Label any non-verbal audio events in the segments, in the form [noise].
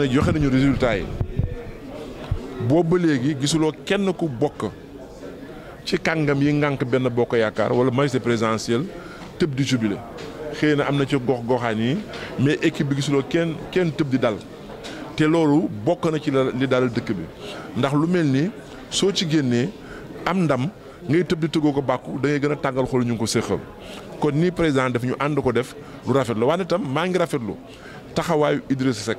ne joxe nañu résultat yi boobu ba léegi gisuloo kenn ku bokk ci kàngam yi ngànk benn bokk yaakaar wala majorité présidentielle tëb di jubile xëy na am na ci gox goxaan yi mais équipe bi gisuloo kenn kenn tëb di dal te loolu bokk na ci li dalal dëkk bi ndax lu mel ni soo ci génnee am ndam ngay tëb di tëggoo ko bàkku da ngay gën a tàngal xool ñu ko séqal kon nii président def ñu ànd ko def lu rafetlu waaye itam maa ngi rafetlu taxawaayu Idrissa Seck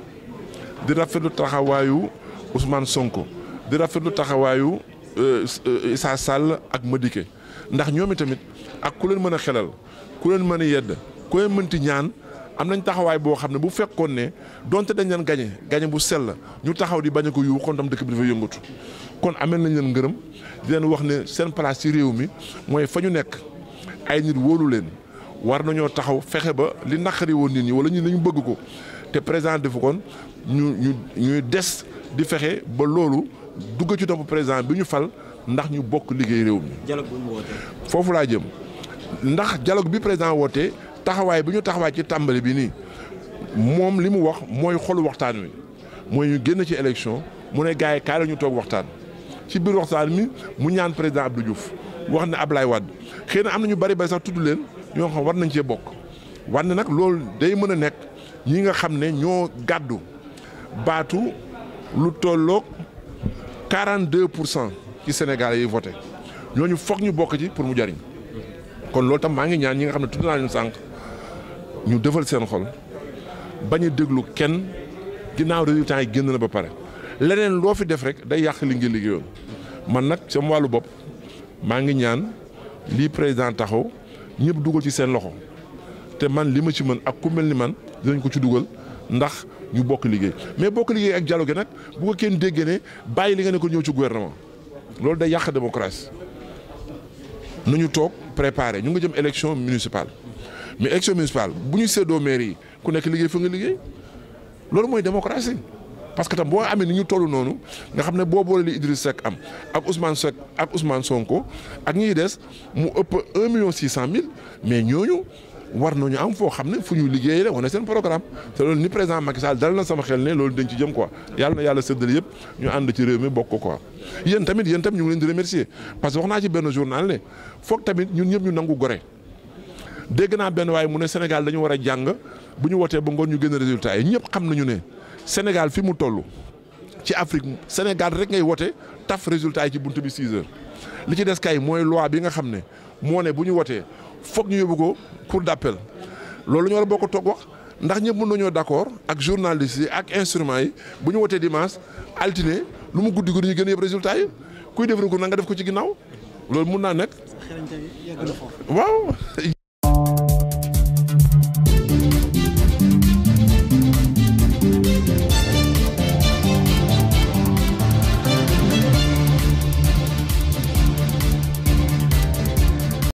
di rafetlu taxawaayu usmaan Sonko di rafetlu taxawaayu euh, Issa Sall ak Madické ndax ñoom tamit ak ku leen mën a xelal ku leen mën a yedd ku leen mënti ñaan am nañ taxawaay boo xam ne bu fekkoon ne donte dañ leen gañe gañe bu sell ñu taxaw di bañ ko yu kon tam dëkk bi dafa yëngatu kon amee nañ leen ngërëm di leen wax ne seen place ci réew mi mooy fa ñu nekk ay nit wóolu leen war nañoo taxaw fexe ba li naqari woon nit ñi wala ñu ñu bëgg ko te président defu ñu ñu ñuy des di fexe ba loolu dugg ci topp président bi ñu fal ndax ñu bokk liggéey réew mi. foofu laa jëm ndax dialogue bi président woote taxawaay bi ñu taxawaay ci tàmbali bi nii moom li mu wax mooy xolu waxtaan wi mooy ñu génn ci élection mu ne gars yi kaay ñu toog waxtaan. ci biir waxtaan mi mu ñaan président Abdou Diouf wax ne Ablaye Wade xëy na am na ñu bari bari sax tudd leen ñoo xam war nañ cee bokk war nag loolu day mën a nekk ñi nga xam ne ñoo gàddu. baatu lu tolloog 42 pour cent ci Sénégalais yi voté ñu foog ñu bokk ci pour mu jariñ kon loolu tam maa ngi ñaan ñi nga xam ne tudd naa leen ñu defal seen xol bañ a déglu kenn ginnaaw résultat yi génn na ba pare leneen loo fi def rek day yàq li nga liggéeyoon man nag sama wàllu bopp maa ngi ñaan lii président taxaw ñëpp dugal ci seen loxo te man li ma ci mën ak ku mel ni man dinañ ko ci dugal. ndax ñu bokk liggéey mais bokk liggéey ak gi nag bu ko kenn déggee ne bàyyi li nga ne ñëw ci gouvernement loolu day yàq démocratie nu ñu toog préparé ñu nga jëm élection municipale mais élection municipale bu ñu séddoo maire yi ku nekk liggéey fa nga liggéey loolu mooy démocratie parce que tam boo amee ni ñu toll noonu nga xam ne boo boole li Idriss Seck am ak Ousmane Seck ak Ousmane Sonko ak ñiy des mu ëpp un million six cent mille mais ñooñu. war nañu am foo xam ne fu ñu liggéey la wane seen programme te loolu ni président Macky Sall dal na sama xel ne loolu dañ ci jëm quoi yàlla na yàlla séddale yëpp ñu ànd ci réew mi bokk ko quoi. yéen tamit yéen tamit ñu ngi leen di remercier parce que wax naa ci benn journal tamit ñun ñëpp ñu nangu gore dégg naa benn waaye mu ne Sénégal dañu war a jàng bu ñu wootee ba ngoon ñu gën a résultat yi ñëpp xam nañu ne Sénégal fii mu toll ci Afrique Sénégal rek ngay wote taf résultat yi ci buntu bi 6 heures li ci des kay mooy loi bi nga xam ne moo bu ñu wotee foog ñu yóbbu ko cour d'appel loolu ñu war a bokk toog wax ndax ñëpp mën nañoo d'accord ak journalistes yi ak instruments yi bu ñu wotee dimanche altine lu mu guddi guddi ñu gën a yëpp résultat yi kuy def recours na nga def ko ci ginnaaw loolu mun naa nekk. waaw. [laughs]